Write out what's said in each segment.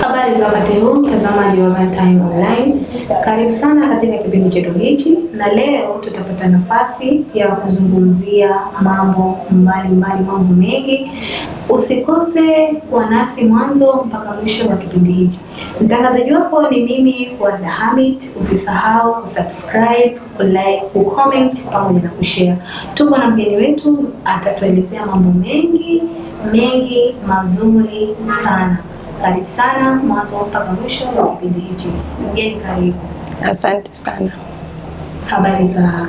Habari za wakati huu mtazamaji wa Zantime Online, karibu sana katika kipindi chetu hiki, na leo tutapata nafasi ya kuzungumzia mambo mbalimbali, mambo mengi. Usikose kuwa nasi mwanzo mpaka mwisho wa kipindi hiki. Mtangazaji wako ni mimi Warda Hamid. Usisahau kusubscribe, kulike, kucomment pamoja na kushare. Tuko na mgeni wetu atatuelezea mambo mengi mengi mazuri sana. Karibu sana mwanzo mpaka mwisho wa kipindi hichi. Mgeni karibu. Asante sana. Habari za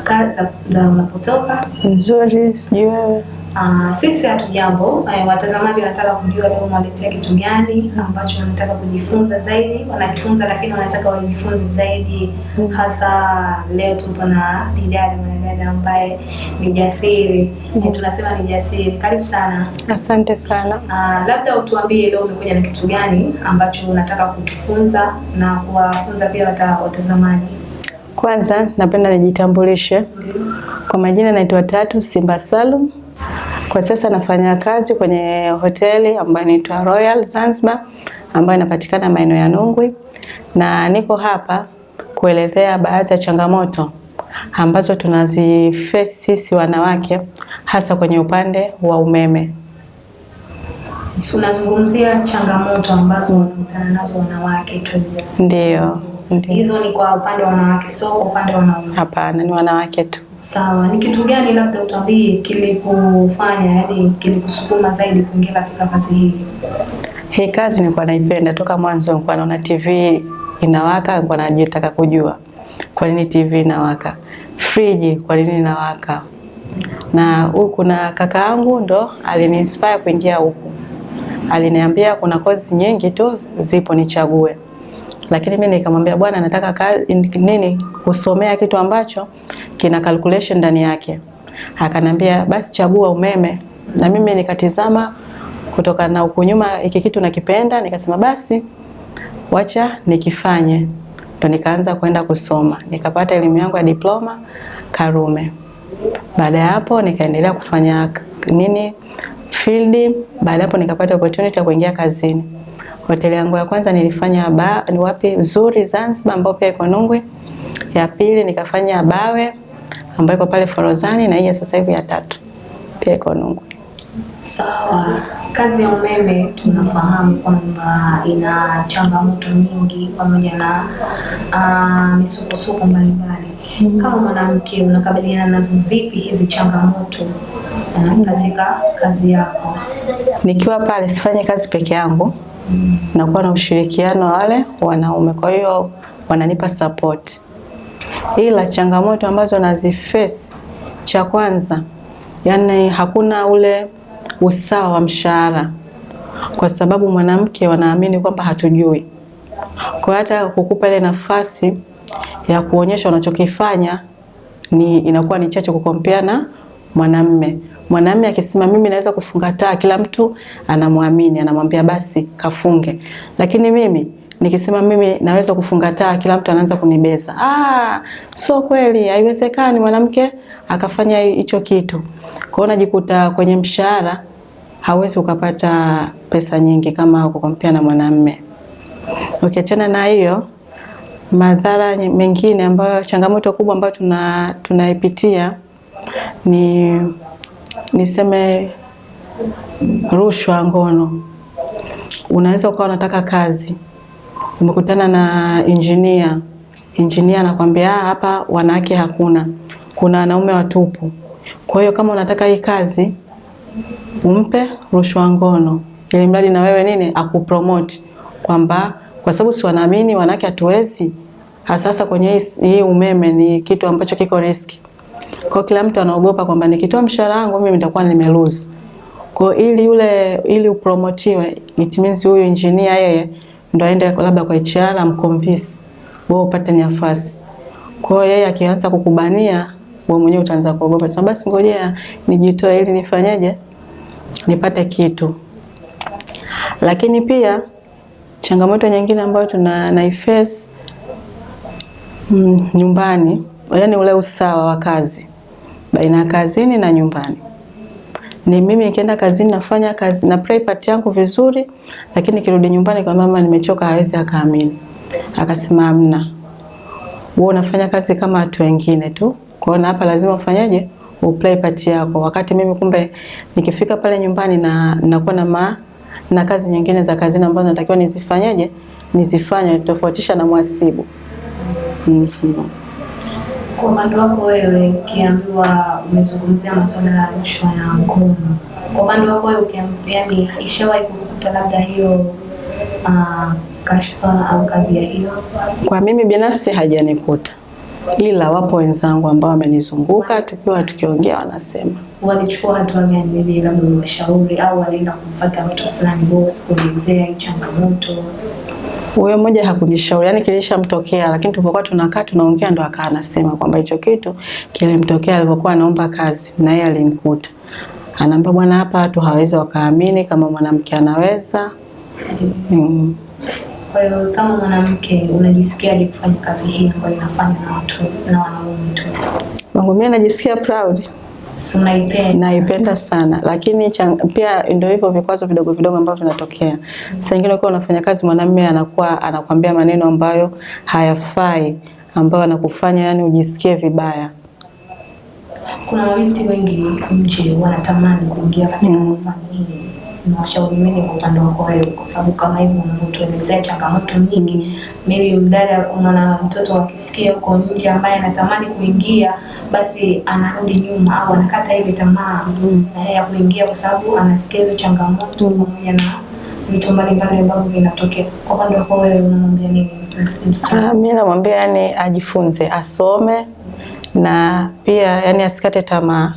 za unapotoka? Nzuri, sijui wewe? Uh, sisi hatujambo. Uh, watazamaji wanataka kujua leo mwaletea kitu gani ambacho wanataka kujifunza zaidi, wanajifunza lakini wanataka wajifunze zaidi mm. Hasa leo tupo na Didada, mwanadada ambaye ni jasiri mm. Eh, tunasema ni jasiri. Karibu sana, asante sana. Uh, labda utuambie leo umekuja na kitu gani ambacho unataka kutufunza na kuwafunza pia watazamaji? Kwanza napenda nijitambulishe mm. Kwa majina naitwa Tatu Simba Salum kwa sasa nafanya kazi kwenye hoteli ambayo inaitwa Royal Zanzibar ambayo inapatikana maeneo ya Nungwi, na niko hapa kuelezea baadhi ya changamoto ambazo tunazifesi sisi wanawake hasa kwenye upande wa umeme. Tunazungumzia changamoto ambazo wanakutana nazo wanawake tu. Ndio. Hizo ni kwa upande wa wanawake, so upande wa wanaume. Hapana, ni wanawake tu. Sawa, ni kitu gani labda utambii kilikufanya, yani kilikusukuma zaidi kuingia katika kazi hii? Hii kazi nilikuwa naipenda toka mwanzo, nilikuwa naona TV inawaka, nilikuwa najitaka kujua kwa nini TV inawaka, friji kwa nini inawaka, na huku na kaka yangu ndo aliniinspire kuingia huku, aliniambia kuna kozi nyingi tu zipo, nichague lakini mimi nikamwambia bwana, nataka kazi nini, kusomea kitu ambacho kina calculation ndani yake. Akanambia basi chagua umeme, na mimi nikatizama kutokana na ukunyuma, hiki kitu nakipenda, nikasema basi wacha nikifanye. Ndo nikaanza kwenda kusoma, nikapata elimu yangu ya diploma Karume. Baada ya hapo nikaendelea kufanya nini field. Baada hapo nikapata opportunity ya kuingia kazini. Hoteli yangu ya kwanza nilifanya ba, ni wapi nzuri Zanzibar, ambayo pia iko Nungwi. Ya pili nikafanya Bawe ambayo iko pale Forozani, na hii sasa hivi ya tatu pia iko Nungwi. Sawa. Kazi ya umeme tunafahamu kwamba ina changamoto nyingi pamoja na uh, misukosuko mbalimbali. Mm-hmm. Kama mwanamke unakabiliana nazo vipi hizi changamoto eh, katika kazi yako? Nikiwa pale sifanye kazi peke yangu mm. nakuwa na ushirikiano wale wanaume, kwa hiyo wananipa support, ila changamoto ambazo naziface, cha kwanza yani hakuna ule usawa wa mshahara, kwa sababu mwanamke wanaamini kwamba hatujui, kwa hata kukupa ile nafasi ya kuonyesha unachokifanya ni inakuwa ni chache kukompea na mwanamme. Mwanamume akisema mimi naweza kufunga taa, kila mtu anamwamini, anamwambia basi kafunge. Lakini mimi nikisema mimi naweza kufunga taa, kila mtu anaanza kunibeza. Ah, sio kweli, haiwezekani mwanamke akafanya hicho kitu. Kwa hiyo najikuta kwenye mshahara hawezi ukapata pesa nyingi kama kukompea na mwanamume. Ukiachana okay, na hiyo, madhara mengine ambayo, changamoto kubwa ambayo tuna tunaipitia ni niseme rushwa, ngono. Unaweza ukawa unataka kazi, umekutana na injinia, injinia anakwambia ah, hapa wanawake hakuna, kuna wanaume watupu. Kwa hiyo kama unataka hii kazi umpe rushwa ngono, ili mradi na wewe nini akupromote, kwamba kwa sababu si wanaamini wanawake hatuwezi. hasa kwenye hii umeme ni kitu ambacho kiko riski kwa kila mtu anaogopa kwamba nikitoa mshahara wangu mimi nitakuwa nimelose. Kwa ili yule ili upromotiwe, it means huyo engineer yeye ndo aende labda kwa HR amconvince wewe upate nafasi. Kwa hiyo yeye akianza kukubania wewe mwenyewe utaanza kuogopa. Sasa basi ngojea nijitoe ili nifanyaje? Nipate kitu. Lakini pia changamoto nyingine ambayo tuna naiface mm, nyumbani, yaani ule usawa wa kazi baina ya kazini na nyumbani. Ni mimi nikienda kazini nafanya kazi na pray part yangu vizuri, lakini nikirudi nyumbani kwa mama nimechoka, hawezi akaamini. Akasema amna, wewe unafanya kazi kama watu wengine tu, kwa hiyo hapa lazima ufanyaje, uplay part yako, wakati mimi kumbe nikifika pale nyumbani na nakuwa na ma, na kazi nyingine za kazini ambazo natakiwa nizifanyaje, nizifanye, tofautisha na mwasibu mm -hmm. Kwa upande wako wewe, ukiambiwa umezungumzia masuala ya rushwa ya ngono, kwa upande wako wewe, yaani ishawahi kukuta labda hiyo uh, kashfa au kadhia hiyo? Kwa mimi binafsi hajanikuta, ila wapo wenzangu ambao wamenizunguka tukiwa tukiongea, wanasema walichukua hatua gani? Ili labda umewashauri au walienda kumfuata mtu fulani boss kuelezea changamoto huyo mmoja hakunishauri, yani kilishamtokea, lakini tulipokuwa tunakaa tunaongea, ndo akawa anasema kwamba hicho kitu kilimtokea alipokuwa anaomba kazi, na yeye alimkuta anaambia, bwana, hapa watu hawawezi wakaamini kama mwanamke anaweza. mm. Kwa hiyo kama mwanamke unajisikia kufanya kazi hii ambayo inafanya na watu na wanaume tu? Mimi najisikia proud naipenda sana lakini chang, pia ndio hivyo vikwazo vidogo vidogo ambavyo vinatokea. Saa nyingine ukiwa unafanya kazi, mwanamume anakuwa anakuambia maneno ambayo hayafai, ambayo anakufanya yani ujisikie vibaya. Kuna mabinti wengi nje wanatamani kuingia katika mm nawashauri mengi kwa upande wako wewe, kwa sababu kama hivi unavyotuelezea changamoto nyingi, mm. maybe mdada, unaona mtoto akisikia huko nje ambaye anatamani kuingia, basi anarudi nyuma au anakata ile tamaa mm. Eh, ya kuingia, kwa sababu anasikia hizo changamoto mm. pamoja na vitu mbalimbali ambavyo vinatokea. Kwa upande wako wewe, unamwambia nini? Ah, mi namwambia yani ajifunze, asome na pia yani asikate tamaa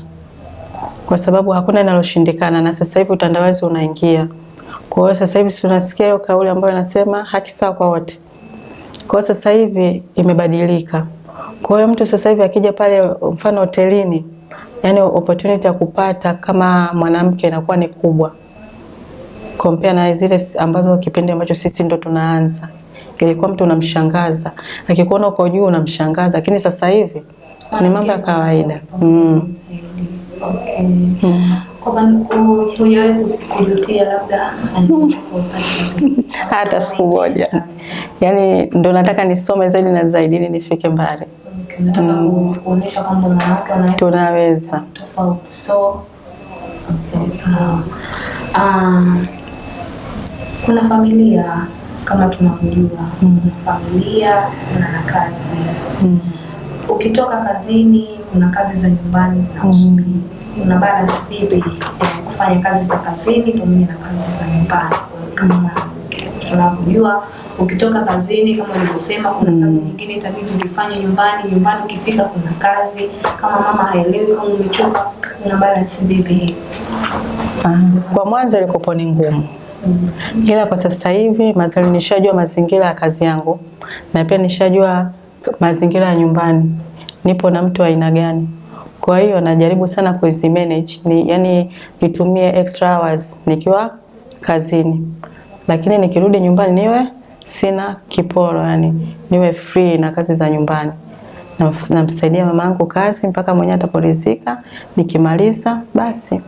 kwa sababu hakuna linaloshindikana, na sasa hivi utandawazi unaingia. Kwa hiyo sasa hivi tunasikia hiyo kauli ambayo inasema haki sawa kwa wote. Kwa hiyo sasa hivi imebadilika. Kwa hiyo mtu sasa hivi akija pale, mfano hotelini, yani opportunity ya kupata kama mwanamke inakuwa ni kubwa compare na zile ambazo kipindi ambacho sisi ndo tunaanza, ilikuwa mtu unamshangaza akikuona uko juu unamshangaza, lakini sasa hivi ni mambo ya kawaida mm hata siku moja. Yani ndo nataka nisome zaidi na zaidi ili nifike mbali. Mm. Tunaweza. kuna familia kama tunavyojua, mm. Kuna familia kuna na kazi mm ukitoka kazini, kuna kazi za nyumbani zinakusubiri mm. Mm-hmm. una balance vipi kufanya kazi za kazini pamoja na kazi za nyumbani kama tunavyojua ukitoka kazini kama ulivyosema, kuna mm. kazi mm-hmm. nyingine itabidi uzifanye nyumbani. Nyumbani ukifika kuna kazi, kama mama haelewi kama umechoka, una balance vipi? Ah, kwa mwanzo ilikuwa ni ngumu mm. ila kwa sasa hivi mazali nishajua mazingira ya kazi yangu na pia nishajua mazingira ya nyumbani, nipo na mtu aina gani. Kwa hiyo najaribu sana kuzi manage ni, yani nitumie extra hours nikiwa kazini, lakini nikirudi nyumbani niwe sina kiporo, yani niwe free na kazi za nyumbani. Namsaidia mama yangu kazi mpaka mwenyewe ataporizika, nikimaliza basi